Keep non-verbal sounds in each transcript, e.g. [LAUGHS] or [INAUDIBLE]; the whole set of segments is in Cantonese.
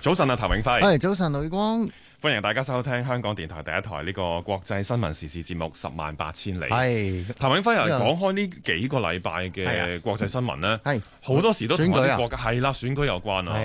早晨啊，譚永輝。誒，早晨，雷光。歡迎大家收聽香港電台第一台呢個國際新聞時事節目《十萬八千里》係。係譚永輝，由講開呢幾個禮拜嘅國際新聞呢係好多時都同啲國家係啦選舉有關啊。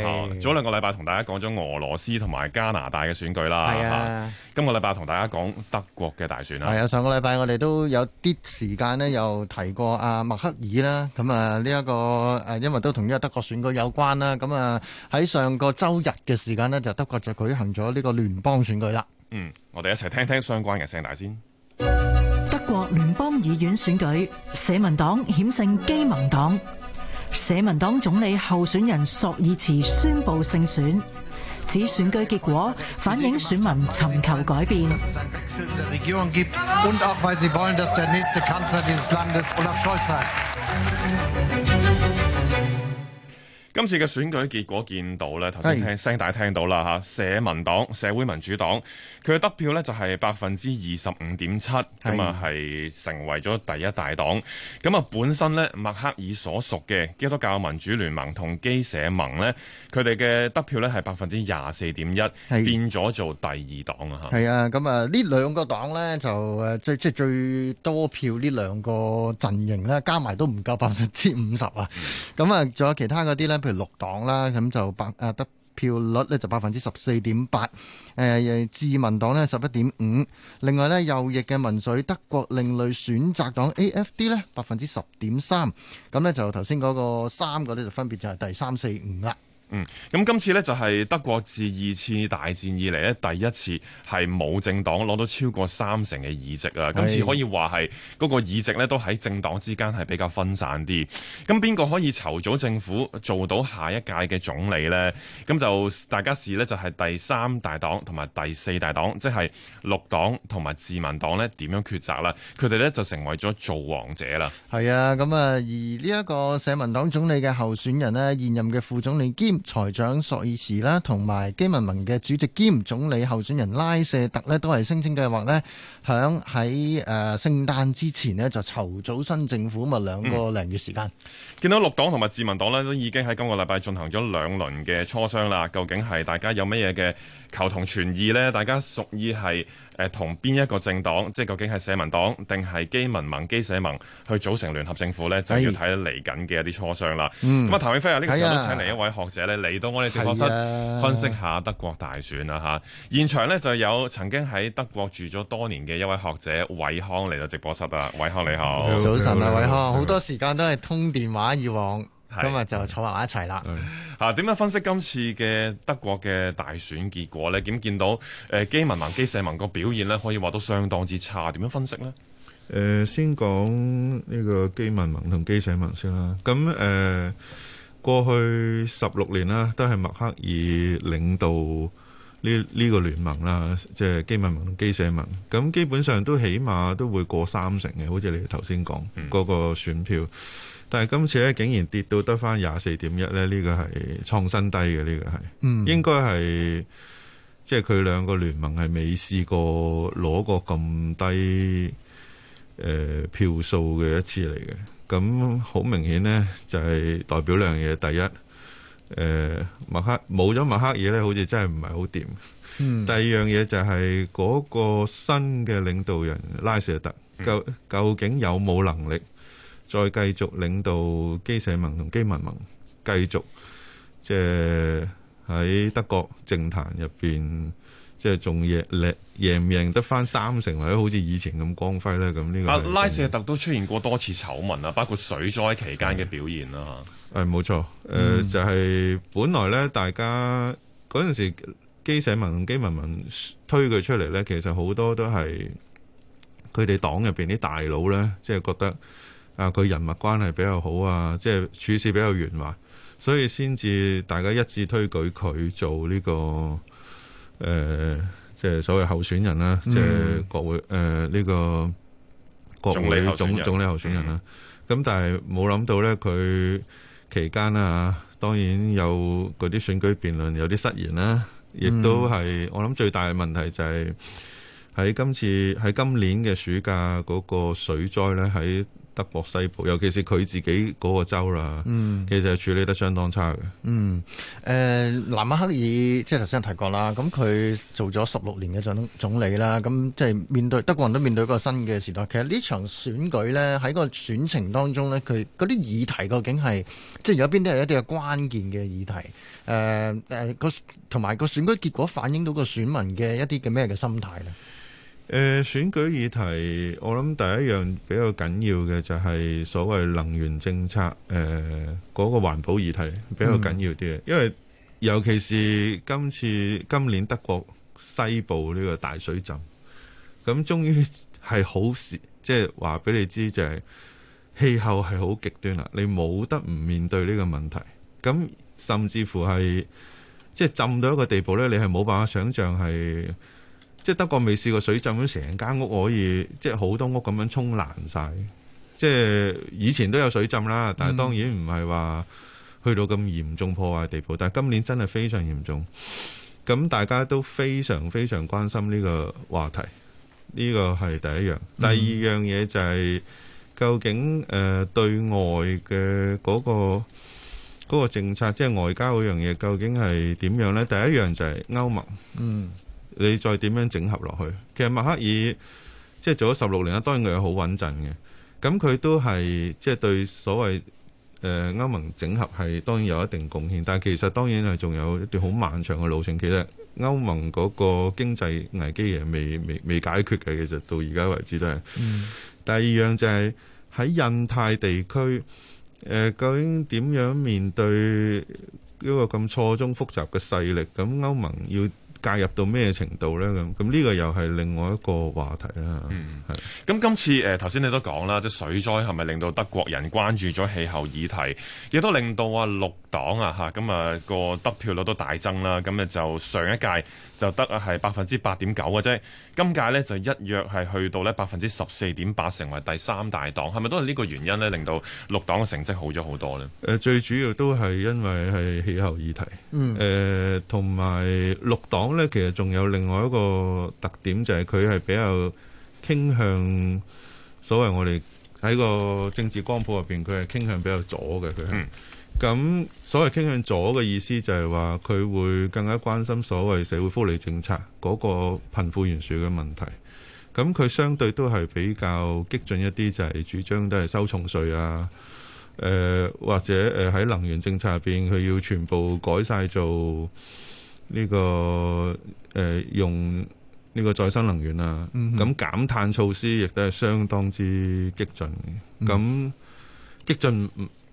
早兩、啊、個禮拜同大家講咗俄羅斯同埋加拿大嘅選舉啦。係啊，啊，今個禮拜同大家講德國嘅大選啦、啊。係啊，上個禮拜我哋都有啲時間咧，又提過阿、啊、默克爾啦。咁啊呢一個誒，因為都同呢個德國選舉有關啦。咁啊喺上個周日嘅時間咧，就德國就舉行咗呢個聯。幫選舉啦，嗯，我哋一齊聽聽相關嘅聲大先。德國聯邦議院選舉，社民黨險勝基盟黨，社民黨總理候選人朔爾茨宣布勝選，指選舉結果反映選民尋求改變。今次嘅選舉結果見到咧，頭先聽聲帶聽到啦吓，是社民黨、社會民主黨佢嘅得票呢就係百分之二十五點七，咁啊係成為咗第一大黨。咁啊本身呢，默克爾所屬嘅基督教民主聯盟同基社盟呢，佢哋嘅得票呢係百分之廿四點一，是變咗做第二黨啊係啊，咁啊呢兩個黨呢，就誒，即、就、即、係、最多票呢兩個陣營呢，加埋都唔夠百分之五十啊。咁啊，仲有其他嗰啲呢。譬如綠黨啦，咁就百誒得票率呢就百分之十四點八，誒自民黨呢十一點五，另外呢右翼嘅民粹德國另類選擇黨 A F D 呢百分之十點三，咁呢就頭先嗰個三個呢就分別就係第三四五啦。嗯，咁今次呢就係德國自二次大戰以嚟呢第一次係冇政黨攞到超過三成嘅議席啊！的今次可以話係嗰個議席咧都喺政黨之間係比較分散啲。咁邊個可以籌組政府做到下一屆嘅總理呢，咁就大家試呢就係第三大黨同埋第四大黨即係綠黨同埋自民黨咧點樣抉擇啦？佢哋咧就成為咗造王者啦。係啊，咁啊而呢一個社民黨總理嘅候選人呢現任嘅副總理兼財長索爾茨啦，同埋基民盟嘅主席兼總理候選人拉舍特咧，都係聲稱計劃呢響喺誒聖誕之前呢就籌組新政府，咪兩個零月時間，嗯。見到綠黨同埋自民黨呢，都已經喺今個禮拜進行咗兩輪嘅磋商啦。究竟係大家有乜嘢嘅求同存異呢？大家屬意係誒同邊一個政黨，即係究竟係社民黨定係基民盟、基社盟去組成聯合政府呢？就是要睇嚟緊嘅一啲磋商啦。咁、嗯、啊，譚永輝啊，呢個時候都請嚟一位學者。嚟到我哋直播室分析下德國大選啦、啊、吓，是啊，現場咧就有曾經喺德國住咗多年嘅一位學者瑋康嚟到直播室啦、啊，瑋康你好，早晨啊，瑋康，好多時間都係通電話以往，是啊，今日就坐埋一齊啦。啊，點樣分析今次嘅德國嘅大選結果咧？點見到誒、呃，基民盟、基社盟個表現咧，可以話到相當之差，點樣分析呢？誒、呃，先講呢個基民盟同基社盟先啦，咁誒。呃過去十六年啦，都係默克爾領導呢呢、這個聯盟啦，即、就、係、是、基民盟、基社盟，咁基本上都起碼都會過三成嘅，好似你頭先講嗰個選票。嗯、但係今次咧，竟然跌到得返廿四點一咧，呢個係創新低嘅，呢、這個係，嗯、應該係即係佢兩個聯盟係未試過攞過咁低誒、呃、票數嘅一次嚟嘅。咁好明顯呢，就係代表兩樣嘢。第一，誒默克冇咗默克爾呢，好似真係唔係好掂。第二樣嘢就係嗰個新嘅領導人拉舍特，究究竟有冇能力再繼續領導基社盟同基民盟，繼續即係喺德國政壇入邊。即係仲贏，贏唔贏得翻三成，或者好似以前咁光輝咧？咁呢個阿拉舍特都出現過多次醜聞啊，包括水災期間嘅表現啦。吓、嗯，冇錯，誒、呃，就係、是、本來咧，大家嗰陣時基社盟同基民盟推佢出嚟咧，其實好多都係佢哋黨入邊啲大佬咧，即、就、係、是、覺得啊，佢人物關係比較好啊，即、就、係、是、處事比較圓滑，所以先至大家一致推舉佢做呢、這個。誒、呃，即係所謂候選人啦，嗯、即係國會誒呢、呃呢個國會總總理候選人啦。咁、嗯嗯、但係冇諗到咧，佢期間啊當然有嗰啲選舉辯論，有啲失言啦，亦都係我諗最大嘅問題就係喺今次喺今年嘅暑假嗰個水災咧喺。德國西部，尤其是佢自己嗰個州啦，嗯、其實處理得相當差嘅。嗯，誒、呃，默克爾即係頭先提過啦，咁佢做咗十六年嘅總總理啦，咁即係面對德國人都面對一個新嘅時代。其實呢場選舉咧，喺個選情當中咧，佢嗰啲議題究竟係即係有邊啲係一啲嘅關鍵嘅議題？誒、呃、誒，個同埋個選舉結果反映到個選民嘅一啲嘅咩嘅心態咧？誒、呃，選舉議題，我諗第一樣比較緊要嘅就係所謂能源政策，誒、呃，嗰個環保議題比較緊要啲，嗯、因為尤其是今次今年德國西部呢個大水浸，咁終於係好事。即係話俾你知，就係氣候係好極端啦，你冇得唔面對呢個問題，咁甚至乎係即係浸到一個地步呢，你係冇辦法想象係。即係德國未試過水浸咁成間屋可以，即係好多屋咁樣沖爛晒。即係以前都有水浸啦，但係當然唔係話去到咁嚴重破壞地步。但係今年真係非常嚴重，咁大家都非常非常關心呢個話題。呢個係第一樣。第二樣嘢就係究竟誒對外嘅嗰個嗰個政策，即係外交嗰樣嘢，究竟係點樣呢？第一樣就係歐盟。嗯。你再點樣整合落去？其實默克爾即係做咗十六年啦，當然佢係好穩陣嘅。咁佢都係即係對所謂誒歐盟整合係當然有一定貢獻，但係其實當然係仲有一段好漫長嘅路程。其實歐盟嗰個經濟危機係未未未解決嘅，其實到而家為止都係。嗯。第二樣就係喺印太地區，誒究竟點樣面對一個咁錯綜複雜嘅勢力？咁歐盟要。介入到咩程度呢？咁咁呢個又係另外一個話題啦。嗯，係是。咁今次誒頭先你都講啦，即係水災係咪令到德國人關注咗氣候議題，亦都令到啊綠黨啊嚇咁啊個得票率都大增啦。咁、啊、就上一屆就得係百分之八點九嘅啫，今屆呢就一躍係去到呢百分之十四點八，成為第三大黨。係咪都係呢個原因呢？令到綠黨嘅成績好咗好多呢、呃？最主要都係因為係氣候議題。嗯。同埋綠黨呢。咧，其實仲有另外一個特點，就係佢係比較傾向所謂我哋喺個政治光譜入邊，佢係傾向比較左嘅佢、嗯。咁所謂傾向左嘅意思，就係話佢會更加關心所謂社會福利政策嗰個貧富懸殊嘅問題。咁佢相對都係比較激進一啲，就係主張都係收重稅啊。誒、呃、或者誒喺能源政策入邊，佢要全部改晒做。呢、呢個誒、呃、用呢個再生能源啊，咁減、嗯、哼碳措施亦都係相當之激進，咁、嗯、哼激進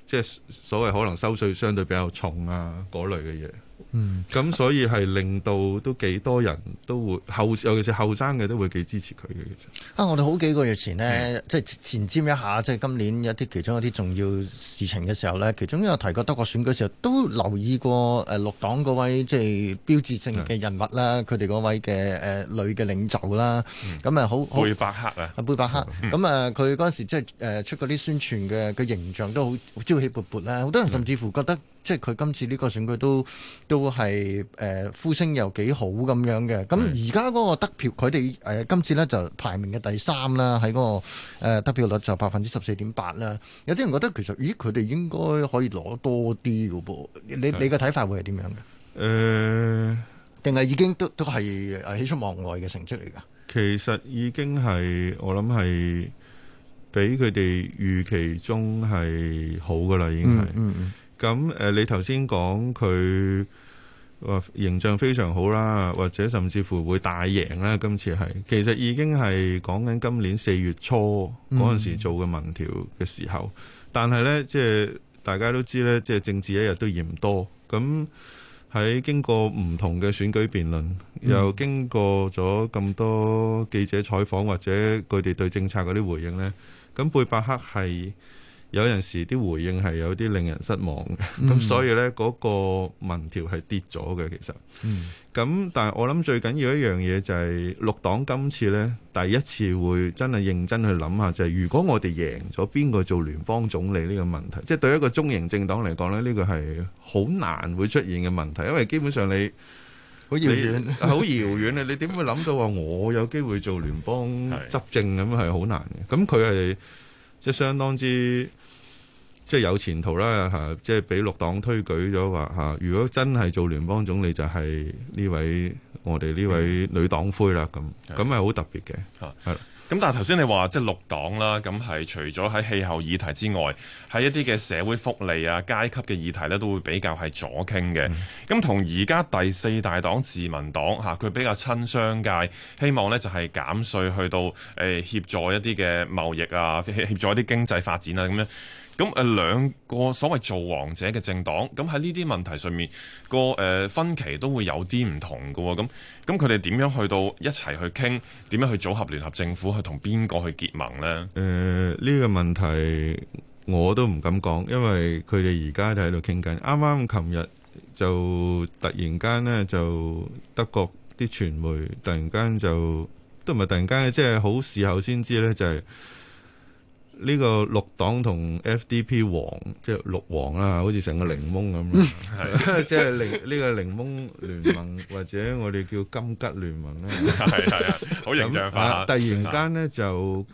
即係所謂可能收稅相對比較重啊，嗰類嘅嘢。嗯，咁所以係令到都幾多人都會後，尤其是後生嘅都會幾支持佢嘅。其實啊，我哋好幾個月前呢，嗯、即係前瞻一下即係今年一啲其中一啲重要事情嘅時候呢，其中又提過德國選舉嘅時候都留意過誒、呃、綠黨嗰位即係標誌性嘅人物啦，佢哋嗰位嘅誒、呃、女嘅領袖啦，咁啊好好貝伯克啊，啊貝伯克，咁啊佢嗰陣時即係誒、呃、出過啲宣傳嘅嘅形象都好朝氣勃勃、勃啦，好多人甚至乎覺得。即係佢今次呢個選舉都都係誒、呃、呼聲又幾好咁樣嘅。咁而家嗰個得票，佢哋誒今次咧就排名嘅第三啦，喺嗰、嗰個誒、呃、得票率就百分之十四點八啦。有啲人覺得其實咦，佢哋應該可以攞多啲嘅噃。你是的你個睇法會係點樣嘅？誒、呃，定係已經都都係喜出望外嘅成績嚟噶？其實已經係我諗係比佢哋預期中係好噶啦，已經係、嗯。嗯咁誒，你頭先講佢話形象非常好啦，或者甚至乎會大贏咧。今次係其實已經係講緊今年四月初嗰陣時做嘅民調嘅時候，但係咧，即係大家都知咧，即係政治一日都嫌多。咁喺經過唔同嘅選舉辯論，又經過咗咁多記者採訪，或者佢哋對政策嗰啲回應咧，咁貝伯克係，有陣時啲回應係有啲令人失望嘅，咁所以呢嗰個民調係跌咗嘅，其實。咁但係我諗最緊要一樣嘢就係綠黨今次呢第一次會真係認真去諗下，就係如果我哋贏咗邊個做聯邦總理呢個問題，即係對一個中型政黨嚟講呢，呢個係好難會出現嘅問題，因為基本上你好遙遠，好遙遠啊！你點會諗到話我有機會做聯邦執政咁係好難嘅？咁佢係即係相當之。即係有前途啦，嚇！即係俾綠黨推舉咗話嚇，如果真係做聯邦總理就係、是、呢位我哋呢位女黨魁啦，咁咁係好特別嘅嚇。係。咁但係頭先你話即係綠黨啦，咁係除咗喺氣候議題之外，喺一啲嘅社會福利啊、階級嘅議題咧，都會比較係左傾嘅。咁同而家第四大黨自民黨嚇，佢比較親商界，希望咧就係減稅，去到誒、欸、協助一啲嘅貿易啊，協助一啲經濟發展啊咁樣。咁誒兩個所謂做王者嘅政黨，咁喺呢啲問題上面、個誒分歧都會有啲唔同嘅喎，咁咁佢哋點樣去到一齊去傾，點樣去組合聯合政府去同邊個去結盟呢？誒呢、呃呢個問題我都唔敢講，因為佢哋而家就喺度傾緊。啱啱琴日就突然間呢，就德國啲傳媒突然間就都唔係突然間，即係好事後先知呢，就係、係。呢個綠黨同 FDP 黃，即係綠黃啊，好似成個檸檬咁啊！ [LAUGHS] [LAUGHS] 即係檸呢個檸檬聯盟，或者我哋叫金桔聯盟咧，係係、 [LAUGHS] [LAUGHS] 嗯、啊，好形象化。突然間咧就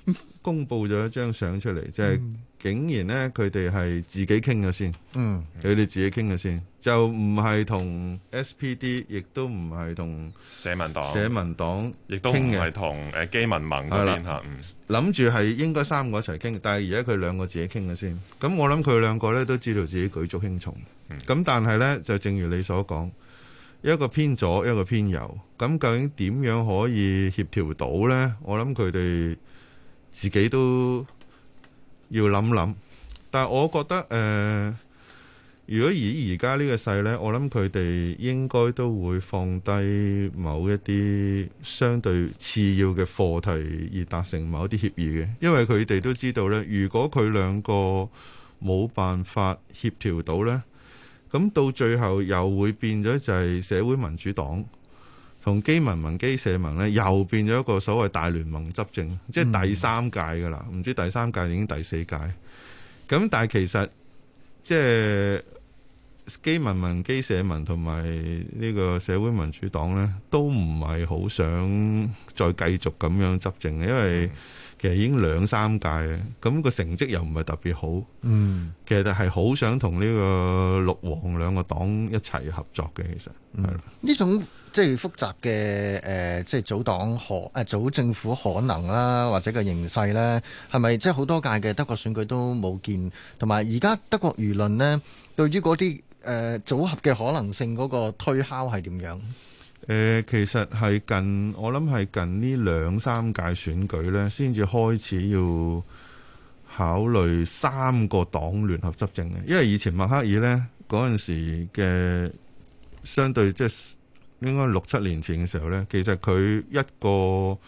公佈咗一張相出嚟，即係。竟然呢，佢哋係自己傾嘅先，嗯，佢哋自己傾嘅先，就唔係同 SPD，亦都唔係同社民黨，社民黨，亦都唔係同誒基民盟嗰邊吓。諗住係應該三個一齊傾，但係而家佢兩個自己傾嘅先。咁我諗佢兩個呢都知道自己舉足輕重。咁但係呢就正如你所講，一個偏左，一個偏右。咁究竟點樣可以協調到呢？我諗佢哋自己都。要諗諗，但係我覺得，誒、呃，如果以而家呢個勢咧，我諗佢哋應該都會放低某一啲相對次要嘅課題，而達成某一啲協議嘅。因為佢哋都知道咧，如果佢兩個冇辦法協調到咧，咁到最後又會變咗就係社會民主黨。同基民盟、基社盟咧，又變咗一個所謂大聯盟執政，嗯、即係第三屆㗎喇，唔知道第三屆已經第四屆。咁但係其實即係基民盟、基社盟同埋呢個社會民主黨咧，都唔係好想再繼續咁樣執政，因為其實已經兩三屆，咁、嗰個成績又唔係特別好。嗯其是很，其實係好想同呢個綠黃兩個黨一齊合作嘅，其實係呢種。即係複雜嘅誒、呃，即係組黨可誒組政府可能啦、啊，或者個形勢咧，係咪即係好多屆嘅德國選舉都冇見？同埋而家德國輿論呢，對於嗰啲誒組合嘅可能性嗰個推敲係點樣？誒、呃，其實係近我諗係近呢兩三屆選舉咧，先至開始要考慮三個黨聯合執政嘅，因為以前默克爾呢，嗰陣時嘅相對即係。應該六七年前嘅時候呢，其實佢一個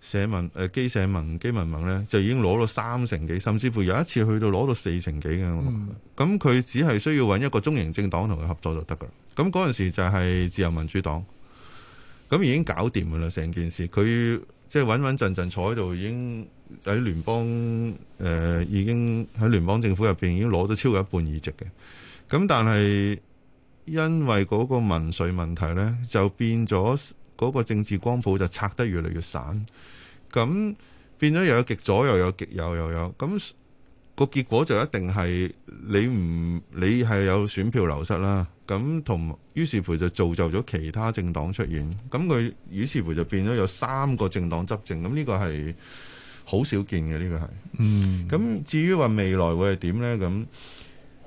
社民誒、呃、基社民、基民盟呢，就已經攞到三成幾，甚至乎有一次去到攞到四成幾嘅。咁佢、嗯、只係需要揾一個中型政黨同佢合作就得噶啦。咁嗰陣時就係自由民主黨，咁已經搞掂噶啦成件事。佢即係穩穩陣陣坐喺度、呃，已經喺聯邦誒，已經喺聯邦政府入邊已經攞到超過一半議席嘅。咁但係因為嗰個民粹問題呢，就變咗嗰個政治光譜就拆得越嚟越散，咁變咗又有極左又有極右又有，咁個結果就一定係你唔你係有選票流失啦，咁同於是乎就造就咗其他政黨出現，咁佢於是乎就變咗有三個政黨執政，咁呢個係好少見嘅，呢個係，嗯，咁至於話未來會係點呢？咁。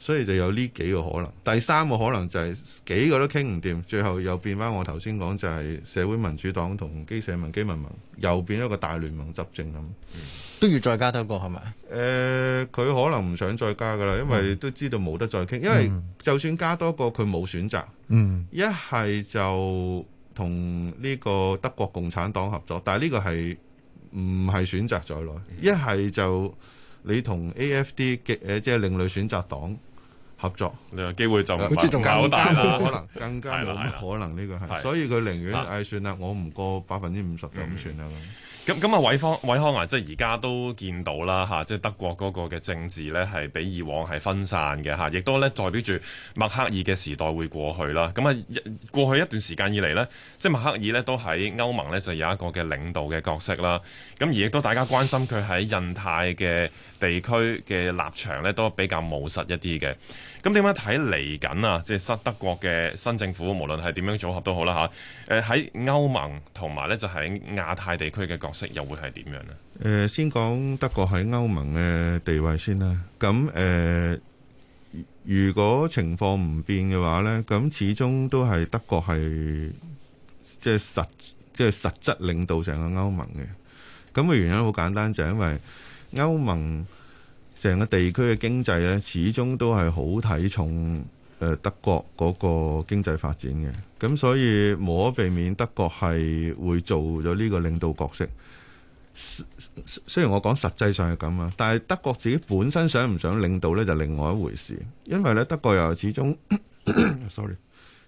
所以就有呢幾個可能。第三個可能就係幾個都傾唔掂，最後又變翻我頭先講就係社會民主黨同基社民基民盟又變咗個大聯盟執政咁，嗯、都要再加多個係咪？誒，佢、呃、可能唔想再加噶啦，因為都知道冇得再傾。因為就算加多個，佢冇選擇。嗯，一係就同呢個德國共產黨合作，但係呢個係唔係選擇在內。一係就你同 AFD 嘅誒，即係另類選擇黨。合作，你有、嗯、機會就唔係好大啦，嗯、可能、嗯、更加冇乜可能呢個係，所以佢寧願唉，的哎、算啦，我唔過百分之五十就咁算啦。咁咁啊，瑋康瑋康啊，即係而家都見到啦吓、啊，即係德國嗰個嘅政治咧係比以往係分散嘅吓，亦、啊、都咧代表住默克爾嘅時代會過去啦。咁啊，過去一段時間以嚟咧，即係默克爾咧都喺歐盟咧就有一個嘅領導嘅角色啦。咁、啊、而亦都大家關心佢喺印太嘅地區嘅立場咧都比較務實一啲嘅。咁點樣睇嚟，緊啊？即係新德國嘅新政府，無論係點樣組合都好啦吓，誒、啊，喺歐盟同埋咧就喺、是、亞太地區嘅角色。又會係點樣呢？誒，先講德國喺歐盟嘅地位先啦。咁誒，如果情況唔變嘅話呢，咁始終都係德國係即係實即係實質領導成個歐盟嘅。咁嘅原因好簡單，就係因為歐盟成個地區嘅經濟呢，始終都係好睇重。誒，德國嗰個經濟發展嘅，咁所以無可避免，德國係會做咗呢個領導角色。雖然我講實際上係咁啊，但係德國自己本身想唔想領導呢，就另外一回事。因為咧，德國又始終，sorry，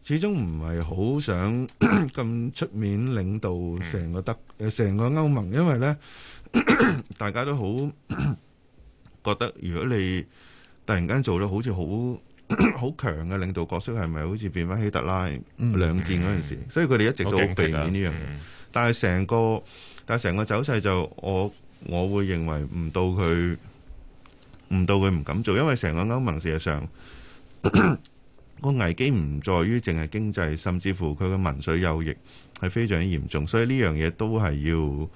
始終唔係好想咁出面領導成個德，誒，成個歐盟，因為咧大家都好覺得，如果你突然間做到好似好。好強嘅領導角色係咪好似變翻希特拉兩戰嗰陣時？所以佢哋一直都避免呢樣嘢。但係成個但係成個走勢就我我會認為唔到佢唔到佢唔敢做，因為成個歐盟事實上個危機唔在於淨係經濟，甚至乎佢嘅民粹右翼係非常之嚴重。所以呢樣嘢都係要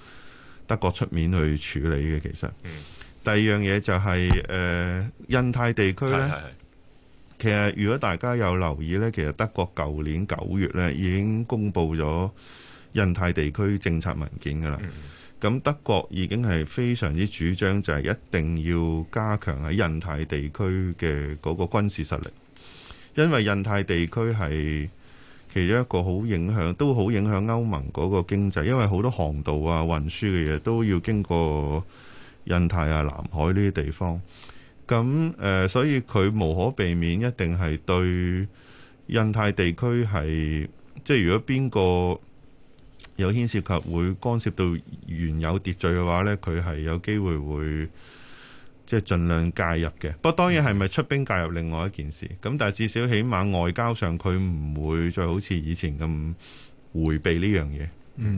德國出面去處理嘅。其實第二樣嘢就係誒印太地區咧。其實，如果大家有留意呢，其實德國舊年九月呢已經公布咗印太地區政策文件㗎喇。咁德國已經係非常之主張，就係一定要加強喺印太地區嘅嗰個軍事實力，因為印太地區係其中一個好影響，都好影響歐盟嗰個經濟，因為好多航道啊、運輸嘅嘢都要經過印太啊、南海呢啲地方。咁、呃、所以佢無可避免，一定係對印太地區，係即係如果邊個有牽涉及會干涉到原有秩序嘅話咧，佢係有機會會即係盡量介入嘅。不過當然係咪出兵介入，另外一件事。咁、嗯、但係至少起碼外交上，佢唔會再好似以前咁回避呢樣嘢。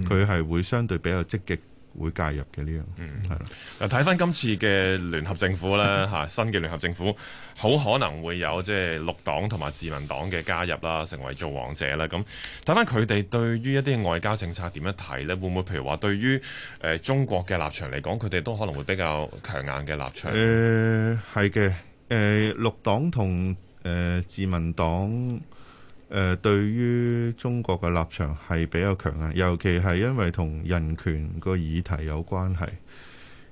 佢係會相對比較積極。會介入嘅呢樣，嗯係啦。嗱吧，睇翻今次嘅聯合政府咧，吓 [LAUGHS] 新嘅聯合政府好可能會有即係綠黨同埋自民黨嘅加入啦，成為做王者啦。咁睇翻佢哋對於一啲外交政策點樣睇呢？會唔會譬如話對於誒、呃、中國嘅立場嚟講，佢哋都可能會比較強硬嘅立場誒係嘅誒綠黨同誒自民黨。誒、呃、對於中國嘅立場係比較強呀，尤其係因為同人權個議題有關係。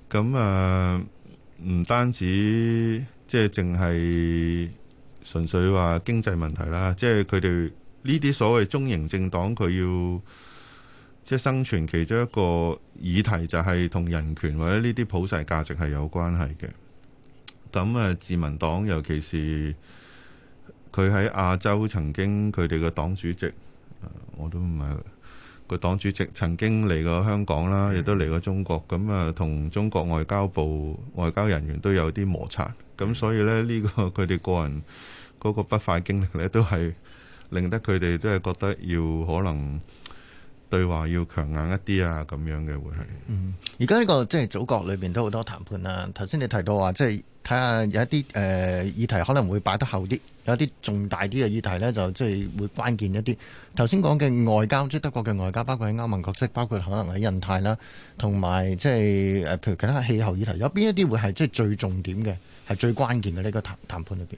咁、嗯、啊，唔、呃、單止即係淨係純粹話經濟問題啦，即係佢哋呢啲所謂中型政黨，佢要即係生存其中一個議題，就係同人權或者呢啲普世價值係有關係嘅。咁、嗯、啊，自民黨尤其是。佢喺亞洲曾經佢哋嘅黨主席，我都唔係個黨主席曾經嚟過香港啦，亦都嚟過中國，咁啊同中國外交部外交人員都有啲摩擦，咁、嗯、所以咧呢、呢個佢哋個人嗰個不快經歷咧，都係令得佢哋都係覺得要可能對話要強硬一啲啊，咁樣嘅會係。嗯、呢個，而家呢個即係組閣裏邊都好多談判啦。頭先你提到話即係。即係睇下有一啲誒議題可能會擺得後啲，有一啲重大啲嘅議題咧，就即係會關鍵一啲。頭先講嘅外交，即係德國嘅外交，包括喺歐盟角色，包括可能喺印太啦，同埋即係誒譬如其他氣候議題，有邊一啲會係即係最重點嘅，係最關鍵嘅呢個談談判裏邊？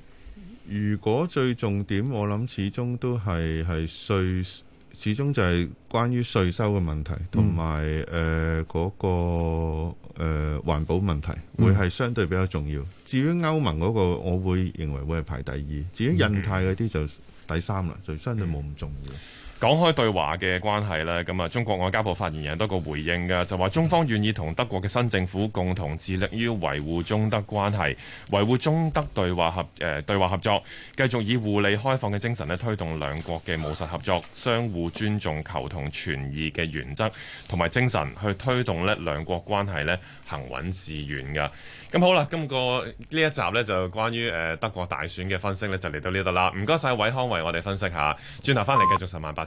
如果最重點，我諗始終都係係稅，始終就係關於稅收嘅問題，同埋誒嗰個。誒、呃、環保問題會係相對比較重要。嗯、至於歐盟嗰、嗰個，我會認為會係排第二。至於印太嗰啲就第三啦，嗯、就相對冇咁重要。講開對話嘅關係呢，咁啊，中國外交部發言人都有個回應噶，就話中方願意同德國嘅新政府共同致力於維護中德關係，維護中德對話合誒、呃、對話合作，繼續以互利開放嘅精神呢推動兩國嘅務實合作，相互尊重求同存異嘅原則同埋精神去推動呢兩國關係呢行穩致遠噶。咁好啦，今個呢一集呢就關於誒德國大選嘅分析呢就嚟到呢度啦，唔該晒瑋康為我哋分析一下，轉頭翻嚟繼續十萬八。